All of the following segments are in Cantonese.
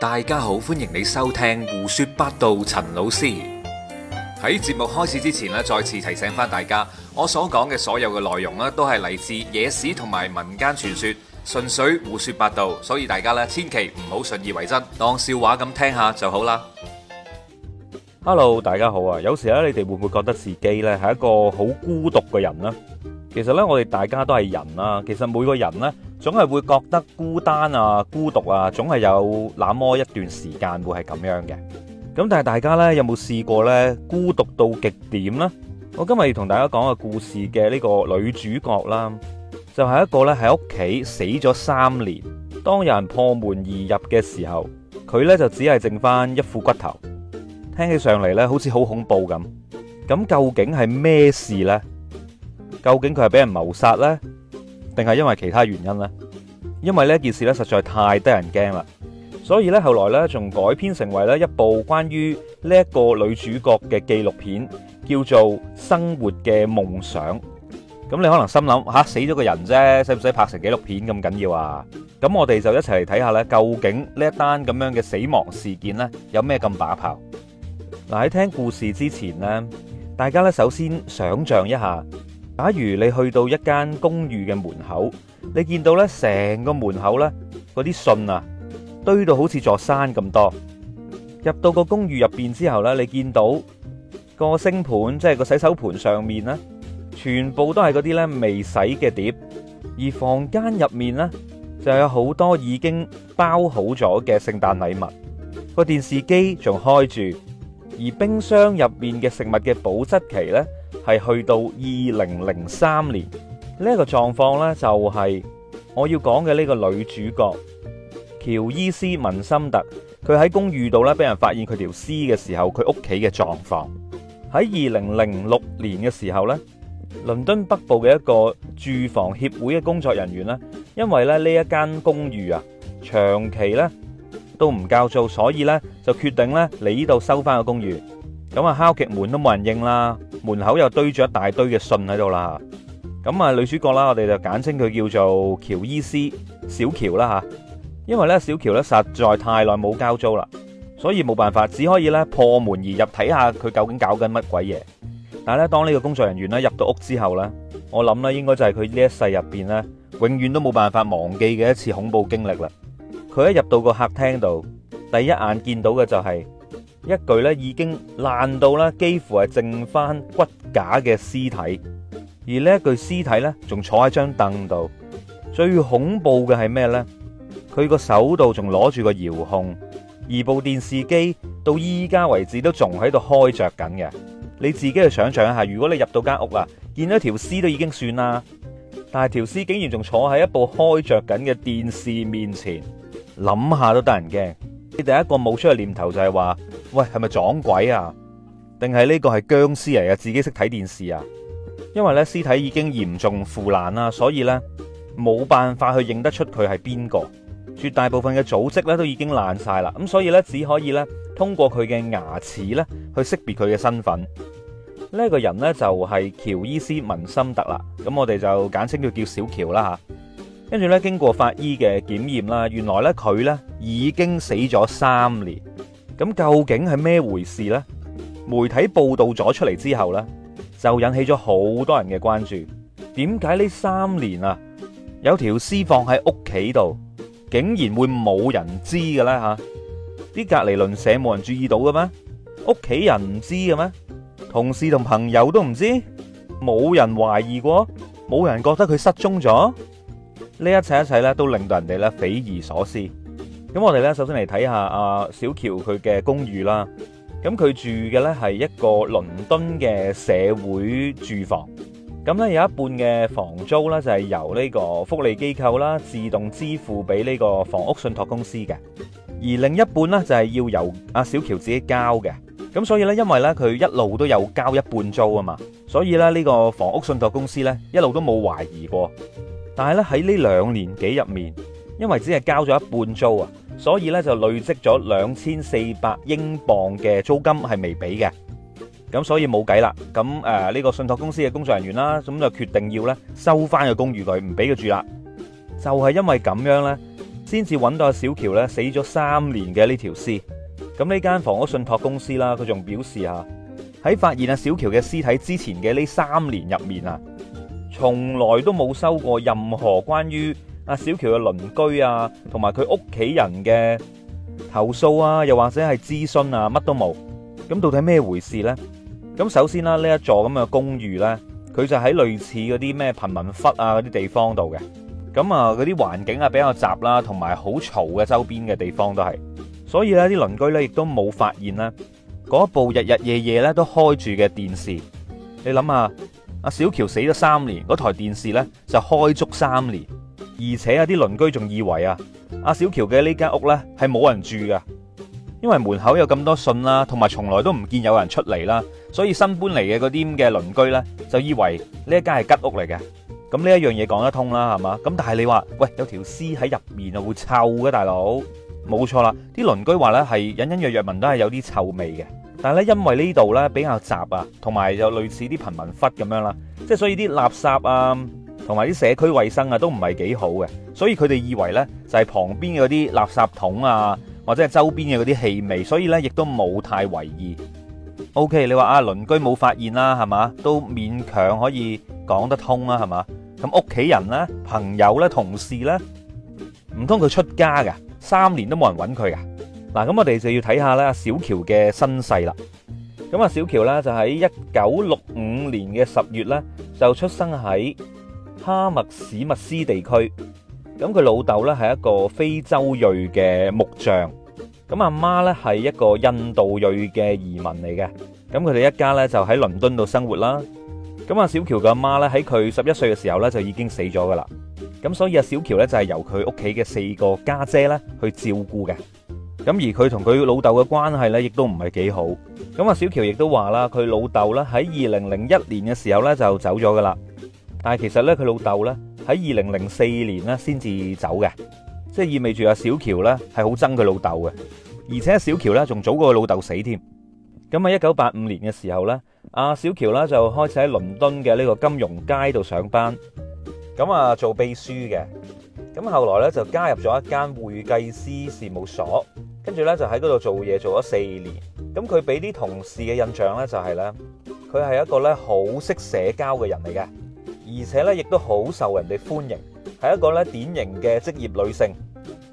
大家好，歡迎你收聽胡說八道。陳老師喺節目開始之前再次提醒翻大家，我所講嘅所有嘅內容都係嚟自野史同埋民間傳說，純粹胡說八道，所以大家千祈唔好信以為真，當笑話咁聽下就好啦。Hello，大家好啊！有時候你哋會唔會覺得自己咧係一個好孤獨嘅人呢？其實呢，我哋大家都係人啊，其實每個人總係會覺得孤單啊、孤獨啊，總係有那麼一段時間會係咁樣嘅。咁但係大家呢，有冇試過呢？孤獨到極點呢？我今日要同大家講個故事嘅呢個女主角啦，就係一個呢喺屋企死咗三年，當有人破門而入嘅時候，佢呢就只係剩翻一副骨頭。聽起上嚟呢，好似好恐怖咁。咁究竟係咩事呢？究竟佢係俾人謀殺呢？定係因為其他原因呢？因為呢件事呢，實在太得人驚啦，所以呢，後來呢，仲改編成為咧一部關於呢一個女主角嘅紀錄片，叫做《生活嘅夢想》。咁你可能心諗吓、啊、死咗個人啫，使唔使拍成紀錄片咁緊要啊？咁我哋就一齊嚟睇下呢，究竟呢一單咁樣嘅死亡事件呢，有咩咁把炮？嗱，喺聽故事之前呢，大家呢，首先想象一下。假如你去到一間公寓嘅門口，你見到咧成個門口咧嗰啲信啊，堆到好似座山咁多。入到個公寓入邊之後咧，你見到個星盤，即係個洗手盤上面咧，全部都係嗰啲咧未洗嘅碟。而房間入面咧，就有好多已經包好咗嘅聖誕禮物。個電視機仲開住，而冰箱入面嘅食物嘅保質期咧。係去到二零零三年呢、呢個狀況呢就係、是、我要講嘅呢個女主角喬伊斯文森特，佢喺公寓度呢，俾人發現佢條屍嘅時候，佢屋企嘅狀況喺二零零六年嘅時候呢，倫敦北部嘅一個住房協會嘅工作人員呢，因為咧呢一間公寓啊長期呢都唔夠租，所以呢就決定呢嚟呢度收翻個公寓。咁啊敲極門都冇人應啦，門口又堆咗一大堆嘅信喺度啦。咁啊女主角啦，我哋就簡稱佢叫做喬伊斯小喬啦吓。因為呢小喬呢實在太耐冇交租啦，所以冇辦法只可以呢破門而入睇下佢究竟搞緊乜鬼嘢。但係咧當呢個工作人員呢入到屋之後呢，我諗呢應該就係佢呢一世入邊呢永遠都冇辦法忘記嘅一次恐怖經歷啦。佢一入到個客廳度，第一眼見到嘅就係。一具咧已經爛到咧，幾乎係剩翻骨架嘅屍體，而呢一具屍體咧仲坐喺張凳度。最恐怖嘅係咩呢？佢個手度仲攞住個遙控，而部電視機到依家為止都仲喺度開着緊嘅。你自己去想象一下，如果你入到間屋啦，見到條屍都已經算啦，但係條屍竟然仲坐喺一部開着緊嘅電視面前，諗下都得人驚。你第一個冒出嘅念頭就係話，喂，係咪撞鬼啊？定係呢個係僵屍嚟啊？自己識睇電視啊？因為呢屍體已經嚴重腐爛啦，所以呢冇辦法去認得出佢係邊個。絕大部分嘅組織呢都已經爛晒啦，咁所以呢只可以呢通過佢嘅牙齒呢去識別佢嘅身份。呢個人呢就係喬伊斯文森特啦，咁我哋就簡稱叫小喬啦吓。跟住咧，經過法醫嘅檢驗啦，原來咧佢咧已經死咗三年。咁究竟係咩回事呢？媒體報道咗出嚟之後咧，就引起咗好多人嘅關注。點解呢三年啊，有條屍放喺屋企度，竟然會冇人知嘅咧？嚇，啲隔離鄰舍冇人注意到嘅咩？屋企人唔知嘅咩？同事同朋友都唔知，冇人懷疑過，冇人覺得佢失蹤咗。呢一切一切咧，都令到人哋咧匪夷所思。咁我哋咧，首先嚟睇下阿小喬佢嘅公寓啦。咁佢住嘅咧係一個倫敦嘅社會住房。咁咧有一半嘅房租咧就係由呢個福利機構啦自動支付俾呢個房屋信託公司嘅。而另一半咧就係要由阿小喬自己交嘅。咁所以咧，因為咧佢一路都有交一半租啊嘛，所以咧呢個房屋信託公司咧一路都冇懷疑過。但係咧喺呢兩年幾入面，因為只係交咗一半租啊，所以咧就累積咗兩千四百英鎊嘅租金係未俾嘅，咁所以冇計啦。咁誒呢個信託公司嘅工作人員啦，咁就決定要呢收翻個公寓佢，唔俾佢住啦。就係因為咁樣呢，先至揾到阿小喬呢死咗三年嘅呢條屍。咁呢間房屋信託公司啦，佢仲表示啊，喺發現阿小喬嘅屍體之前嘅呢三年入面啊。從來都冇收過任何關於阿小喬嘅鄰居啊，同埋佢屋企人嘅投訴啊，又或者係諮詢啊，乜都冇。咁到底係咩回事咧？咁首先啦，呢一座咁嘅公寓咧，佢就喺類似嗰啲咩貧民窟啊嗰啲地方度嘅。咁啊，嗰啲環境啊比較雜啦，同埋好嘈嘅周邊嘅地方都係。所以咧，啲鄰居咧亦都冇發現啦，嗰部日日夜夜咧都開住嘅電視。你諗下。阿小喬死咗三年，嗰台電視呢就開足三年，而且啊啲鄰居仲以為啊阿、啊、小喬嘅呢間屋呢係冇人住噶，因為門口有咁多信啦，同埋從來都唔見有人出嚟啦，所以新搬嚟嘅嗰啲嘅鄰居呢，就以為呢一間係吉屋嚟嘅，咁呢一樣嘢講得通是吧，是啦，係嘛？咁但係你話喂有條屍喺入面啊會臭嘅大佬，冇錯啦，啲鄰居話呢係隱隱約約聞都係有啲臭味嘅。但係咧，因為呢度咧比較雜啊，同埋有類似啲貧民窟咁樣啦，即係所以啲垃圾啊，同埋啲社區衛生啊都唔係幾好嘅，所以佢哋以，以為呢就係旁邊嘅嗰啲垃圾桶啊，或者係周邊嘅嗰啲氣味，所以呢亦都冇太為意。OK，你話啊，鄰居冇發現啦，係嘛，都勉強可以講得通啦，係嘛。咁屋企人呢、朋友呢、同事咧，唔通佢出家噶，三年都冇人揾佢噶？嗱，咁我哋就要睇下咧小喬嘅身世啦。咁啊，小喬呢，就喺一九六五年嘅十月呢，就出生喺哈密史密斯地區。咁佢老豆呢，係一個非洲裔嘅木匠，咁阿媽呢，係一個印度裔嘅移民嚟嘅。咁佢哋一家呢，就喺倫敦度生活啦。咁啊，小喬嘅阿媽呢，喺佢十一歲嘅時候呢，就已經死咗噶啦。咁所以阿小喬呢，就係由佢屋企嘅四個家姐呢，去照顧嘅。咁而佢同佢老豆嘅關係咧，亦都唔係幾好。咁啊，小喬亦都話啦，佢老豆咧喺二零零一年嘅時候咧就走咗噶啦。但係其實咧，佢老豆咧喺二零零四年咧先至走嘅，即係意味住阿小喬咧係好憎佢老豆嘅。而且小喬咧仲早過佢老豆死添。咁啊，一九八五年嘅時候咧，阿小喬咧就開始喺倫敦嘅呢個金融街度上班，咁啊做秘書嘅。咁後來就加入咗一間會計師事務所，跟住呢就喺嗰度做嘢做咗四年。佢俾啲同事嘅印象就係呢，佢係一個呢好識社交嘅人嚟嘅，而且呢亦都好受人哋歡迎，係一個呢典型嘅職業女性。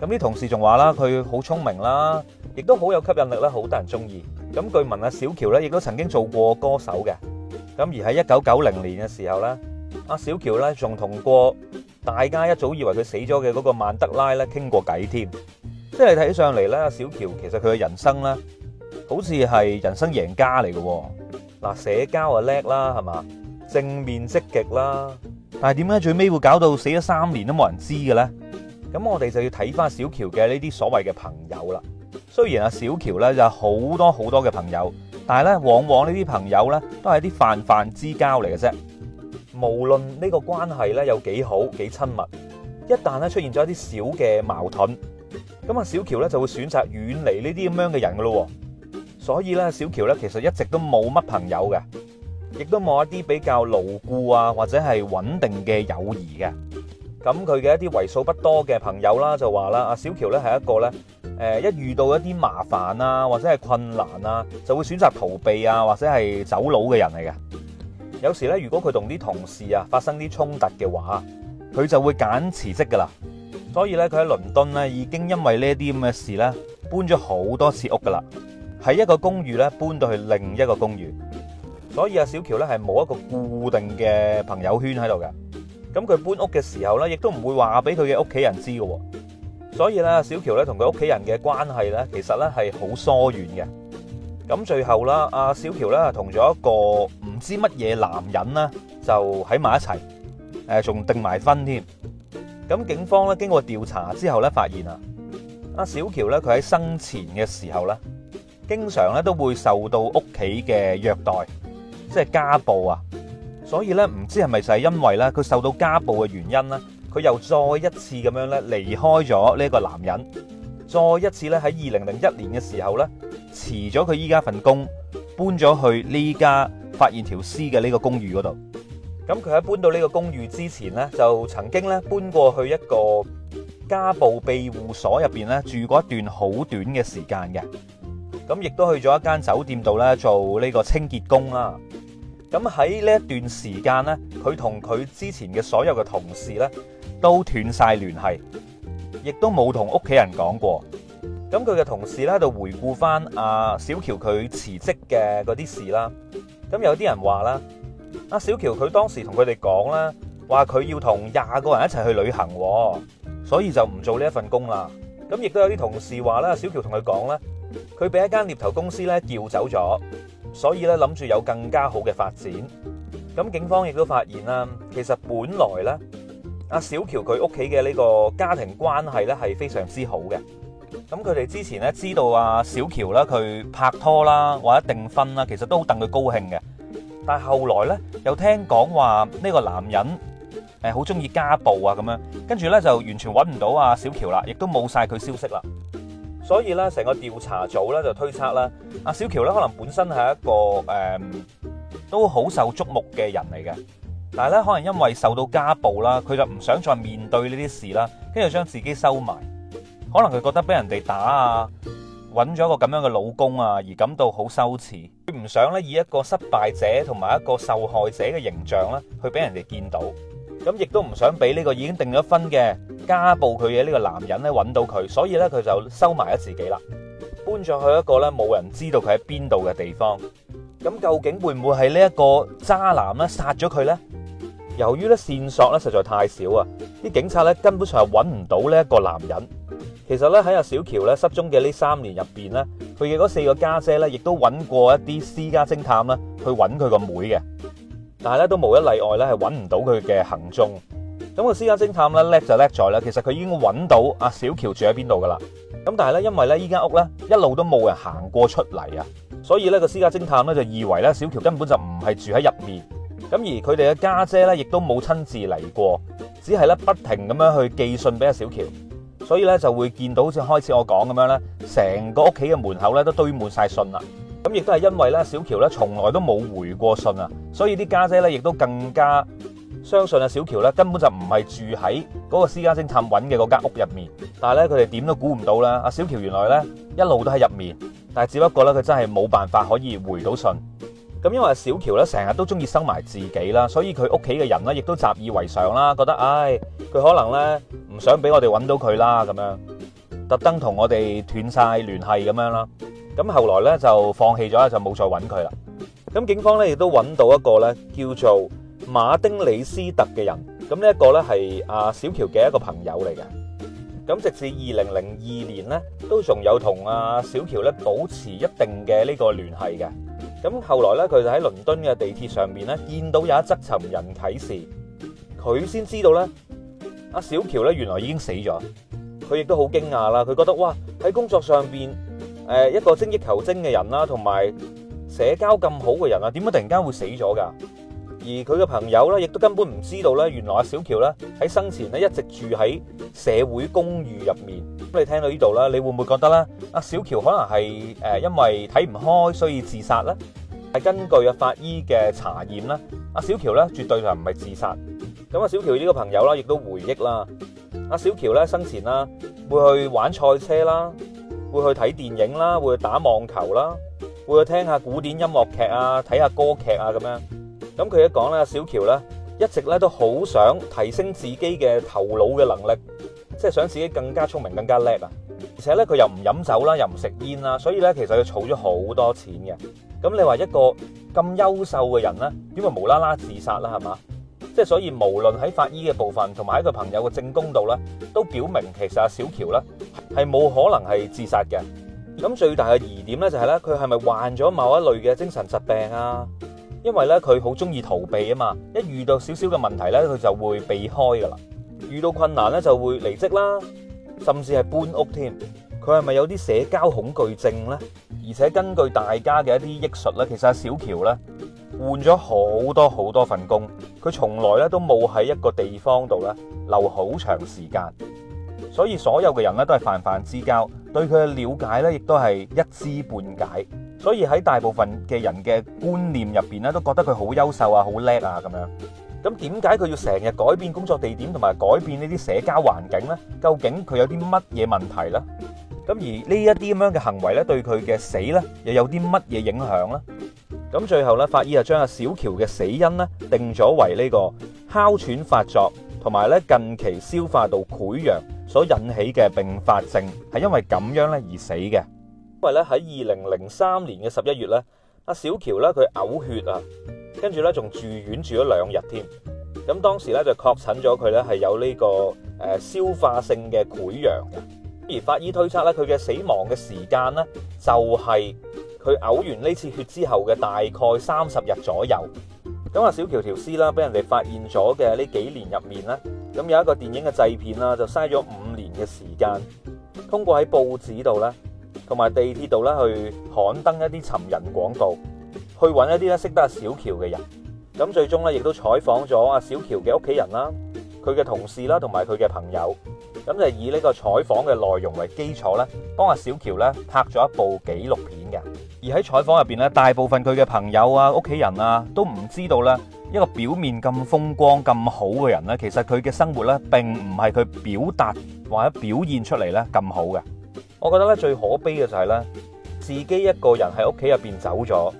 咁啲同事仲話啦，佢好聰明啦，亦都好有吸引力啦，好得人中意。咁據聞阿小喬呢亦都曾經做過歌手嘅，而喺1990年嘅時候呢，阿小喬呢仲同過大家一早以為佢死咗嘅嗰個曼德拉咧傾過偈添，即係睇起上嚟咧，小喬其實佢嘅人生咧，好似係人生贏家嚟嘅。嗱、啊，社交啊叻啦，係嘛，正面積極啦。但係點解最尾會搞到死咗三年都冇人知嘅咧？咁我哋就要睇返小喬嘅呢啲所謂嘅朋友啦。雖然啊，小喬咧有好多好多嘅朋友，但係咧往往呢啲朋友咧都係啲泛泛之交嚟嘅啫。無論呢個關係咧有幾好幾親密，一旦咧出現咗一啲小嘅矛盾，咁啊小喬咧就會選擇遠離呢啲咁樣嘅人噶咯。所以呢，小喬咧其實一直都冇乜朋友嘅，亦都冇一啲比較牢固啊或者係穩定嘅友誼嘅。咁佢嘅一啲為數不多嘅朋友啦就話啦，阿小喬咧係一個呢，誒一遇到一啲麻煩啊或者係困難啊就會選擇逃避啊或者係走佬嘅人嚟嘅。有時咧，如果佢同啲同事啊，發生啲衝突嘅話，佢就會揀辭職噶啦。所以咧，佢喺倫敦咧已經因為呢啲咁嘅事咧，搬咗好多次屋噶啦，喺一個公寓咧搬到去另一個公寓。所以阿小喬咧係冇一個固定嘅朋友圈喺度嘅。咁佢搬屋嘅時候咧，亦都唔會話俾佢嘅屋企人知嘅。所以咧，小喬咧同佢屋企人嘅關係咧，其實咧係好疏遠嘅。咁最後啦，阿小喬咧同咗一個唔知乜嘢男人咧，就喺埋一齊，誒仲訂埋婚添。咁警方咧經過調查之後咧，發現啊，阿小喬咧佢喺生前嘅時候咧，經常咧都會受到屋企嘅虐待，即係家暴啊。所以咧唔知係咪就係因為咧佢受到家暴嘅原因咧，佢又再一次咁樣咧離開咗呢個男人，再一次咧喺二零零一年嘅時候咧。辭咗佢依家份工，搬咗去呢家發現條屍嘅呢個公寓嗰度。咁佢喺搬到呢個公寓之前呢，就曾經呢搬過去一個家暴庇護所入邊呢住過一段好短嘅時間嘅。咁亦都去咗一間酒店度呢做呢個清潔工啦。咁喺呢一段時間呢，佢同佢之前嘅所有嘅同事呢都斷晒聯繫，亦都冇同屋企人講過。咁佢嘅同事咧喺度回顧翻阿小喬佢辭職嘅嗰啲事啦。咁有啲人話啦，阿小喬佢當時同佢哋講啦，話佢要同廿個人一齊去旅行，所以就唔做呢一份工啦。咁亦都有啲同事話啦，小喬同佢講啦，佢俾一間獵頭公司咧叫走咗，所以咧諗住有更加好嘅發展。咁警方亦都發現啦，其實本來咧阿小喬佢屋企嘅呢個家庭關係咧係非常之好嘅。咁佢哋之前咧知道阿小喬啦，佢拍拖啦或者訂婚啦，其實都好戥佢高興嘅。但係後來咧，又聽講話呢個男人誒，好中意家暴啊，咁樣，跟住咧就完全搵唔到阿小喬啦，亦都冇晒佢消息啦。所以咧成個調查組咧就推測啦，阿小喬咧可能本身係一個誒都好受矚目嘅人嚟嘅，但係咧可能因為受到家暴啦，佢就唔想再面對呢啲事啦，跟住將自己收埋。可能佢覺得俾人哋打啊，搵咗一個咁樣嘅老公啊，而感到好羞恥，佢唔想咧以一個失敗者同埋一個受害者嘅形象咧，去俾人哋見到。咁亦都唔想俾呢個已經定咗婚嘅家暴佢嘅呢個男人咧搵到佢，所以咧佢就收埋咗自己啦，搬咗去一個咧冇人知道佢喺邊度嘅地方。咁究竟會唔會係呢一個渣男咧殺咗佢呢？由於咧線索咧實在太少啊，啲警察咧根本上係搵唔到呢一個男人。其實咧喺阿小喬咧失蹤嘅呢三年入邊咧，佢嘅嗰四個家姐咧，亦都揾過一啲私家偵探啦，去揾佢個妹嘅。但係咧都無一例外咧係揾唔到佢嘅行蹤。咁個私家偵探咧叻就叻在啦，其實佢已經揾到阿小喬住喺邊度噶啦。咁但係咧因為咧呢間屋咧一路都冇人行過出嚟啊，所以咧個私家偵探咧就以為咧小喬根本就唔係住喺入面。咁而佢哋嘅家姐咧亦都冇親自嚟過，只係咧不停咁樣去寄信俾阿小喬。所以咧就會見到好似開始我講咁樣咧，成個屋企嘅門口咧都堆滿晒信啦。咁亦都係因為咧小喬咧從來都冇回過信啊，所以啲家姐咧亦都更加相信阿小喬咧根本就唔係住喺嗰個私家偵探揾嘅嗰間屋入面。但係咧佢哋點都估唔到啦，阿小喬原來咧一路都喺入面，但係只不過咧佢真係冇辦法可以回到信。咁因為小喬咧成日都中意收埋自己啦，所以佢屋企嘅人咧亦都習以為常啦，覺得唉佢可能咧唔想俾我哋揾到佢啦，咁樣特登同我哋斷晒聯繫咁樣啦。咁後來咧就放棄咗，就冇再揾佢啦。咁警方咧亦都揾到一個咧叫做馬丁里斯特嘅人。咁呢一個咧係阿小喬嘅一個朋友嚟嘅。咁直至二零零二年咧，都仲有同阿小喬咧保持一定嘅呢個聯繫嘅。咁後來咧，佢就喺倫敦嘅地鐵上面咧，見到有一則尋人啟事，佢先知道咧，阿小喬咧原來已經死咗。佢亦都好驚訝啦，佢覺得哇，喺工作上邊，誒一個精益求精嘅人啦，同埋社交咁好嘅人啊，點解突然間會死咗㗎？而佢嘅朋友咧，亦都根本唔知道咧，原來阿小喬咧喺生前咧一直住喺社會公寓入面。咁你聽到呢度啦，你會唔會覺得咧，阿小喬可能係誒因為睇唔開，所以自殺咧？係根據啊法醫嘅查驗啦，阿小喬咧絕對就唔係自殺。咁阿小喬呢個朋友啦，亦都回憶啦，阿小喬咧生前啦會去玩賽車啦，會去睇電影啦，會去打網球啦，會去聽下古典音樂劇啊，睇下歌劇啊咁樣。咁佢一講啦，小喬呢一直呢都好想提升自己嘅頭腦嘅能力，即係想自己更加聰明、更加叻啊！而且呢，佢又唔飲酒啦，又唔食煙啦，所以呢，其實佢儲咗好多錢嘅。咁你話一個咁優秀嘅人呢，點會無啦啦自殺啦？係嘛？即係所以無論喺法醫嘅部分，同埋喺佢朋友嘅證供度呢，都表明其實阿小喬呢係冇可能係自殺嘅。咁最大嘅疑點呢，就係呢，佢係咪患咗某一類嘅精神疾病啊？因為咧佢好中意逃避啊嘛，一遇到少少嘅問題咧，佢就會避開噶啦。遇到困難咧就會離職啦，甚至係搬屋添。佢係咪有啲社交恐懼症呢？而且根據大家嘅一啲憶述咧，其實阿小喬咧換咗好多好多份工，佢從來咧都冇喺一個地方度咧留好長時間。所以所有嘅人咧都係泛泛之交，對佢嘅了解咧亦都係一知半解。所以喺大部分嘅人嘅觀念入邊咧，都覺得佢好優秀啊、好叻啊咁樣。咁點解佢要成日改變工作地點同埋改變呢啲社交環境咧？究竟佢有啲乜嘢問題咧？咁而呢一啲咁樣嘅行為咧，對佢嘅死咧，又有啲乜嘢影響咧？咁最後咧，法醫就將阿小喬嘅死因咧，定咗為呢個哮喘發作同埋咧近期消化道潰瘍所引起嘅併發症，係因為咁樣咧而死嘅。因為咧喺二零零三年嘅十一月咧，阿小喬咧佢嘔血啊，跟住咧仲住院住咗兩日添。咁當時咧就確診咗佢咧係有呢個誒消化性嘅潰瘍，而法醫推測咧佢嘅死亡嘅時間咧就係佢嘔完呢次血之後嘅大概三十日左右。咁阿小喬條屍啦，俾人哋發現咗嘅呢幾年入面咧，咁有一個電影嘅製片啦，就嘥咗五年嘅時間，通過喺報紙度咧。同埋地鐵度咧，去刊登一啲尋人廣告，去揾一啲咧識得阿小喬嘅人。咁最終咧，亦都採訪咗阿小喬嘅屋企人啦，佢嘅同事啦，同埋佢嘅朋友。咁就以呢個採訪嘅內容為基礎咧，幫阿小喬咧拍咗一部紀錄片嘅。而喺採訪入邊咧，大部分佢嘅朋友啊、屋企人啊，都唔知道咧一個表面咁風光、咁好嘅人咧，其實佢嘅生活咧並唔係佢表達或者表現出嚟咧咁好嘅。我覺得咧最可悲嘅就係咧，自己一個人喺屋企入邊走咗，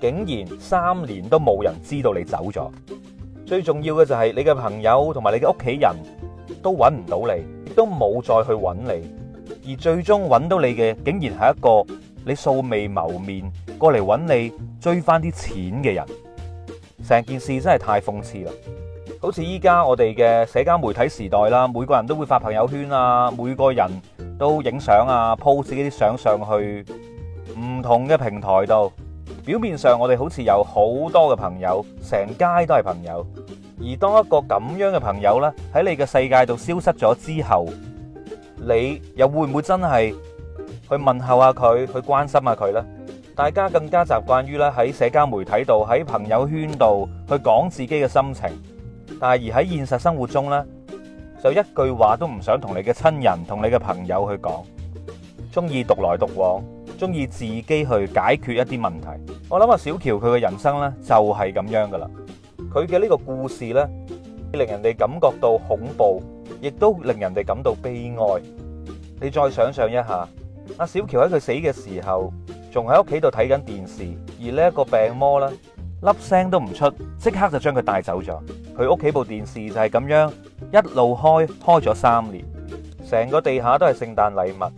竟然三年都冇人知道你走咗。最重要嘅就係你嘅朋友同埋你嘅屋企人都揾唔到你，都冇再去揾你，而最終揾到你嘅，竟然係一個你素未謀面過嚟揾你追翻啲錢嘅人。成件事真係太諷刺啦！好似依家我哋嘅社交媒體時代啦，每個人都會發朋友圈啊，每個人。都影相啊，po 自己啲相上去唔同嘅平台度。表面上我哋好似有好多嘅朋友，成街都係朋友。而當一個咁樣嘅朋友呢，喺你嘅世界度消失咗之後，你又會唔會真係去問候下佢，去關心下佢呢？大家更加習慣於呢，喺社交媒體度、喺朋友圈度去講自己嘅心情。但係而喺現實生活中呢。就一句話都唔想同你嘅親人同你嘅朋友去講，中意獨來獨往，中意自己去解決一啲問題。我諗啊，小喬佢嘅人生呢，就係咁樣噶啦。佢嘅呢個故事呢，令人哋感覺到恐怖，亦都令人哋感到悲哀。你再想象一下，阿小喬喺佢死嘅時候，仲喺屋企度睇緊電視，而呢一個病魔呢，粒聲都唔出，即刻就將佢帶走咗。佢屋企部電視就係咁樣。一路開開咗三年，成個地下都係聖誕禮物，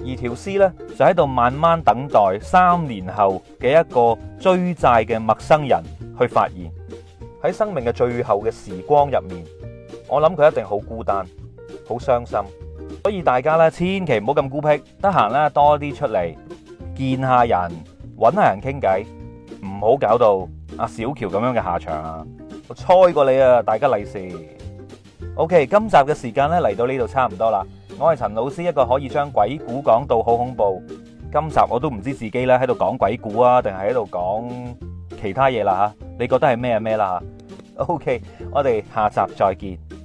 而條屍呢，就喺度慢慢等待三年後嘅一個追債嘅陌生人去發現。喺生命嘅最後嘅時光入面，我諗佢一定好孤單，好傷心。所以大家咧千祈唔好咁孤僻，得閒咧多啲出嚟見下人，搵下人傾偈，唔好搞到阿小喬咁樣嘅下場啊！我猜過你啊，大家利是。OK，今集嘅時間咧嚟，到呢度差唔多啦。我係陳老師，一個可以將鬼故講到好恐怖。今集我都唔知自己咧喺度講鬼故啊，定係喺度講其他嘢啦吓？你覺得係咩啊咩啦？OK，我哋下集再見。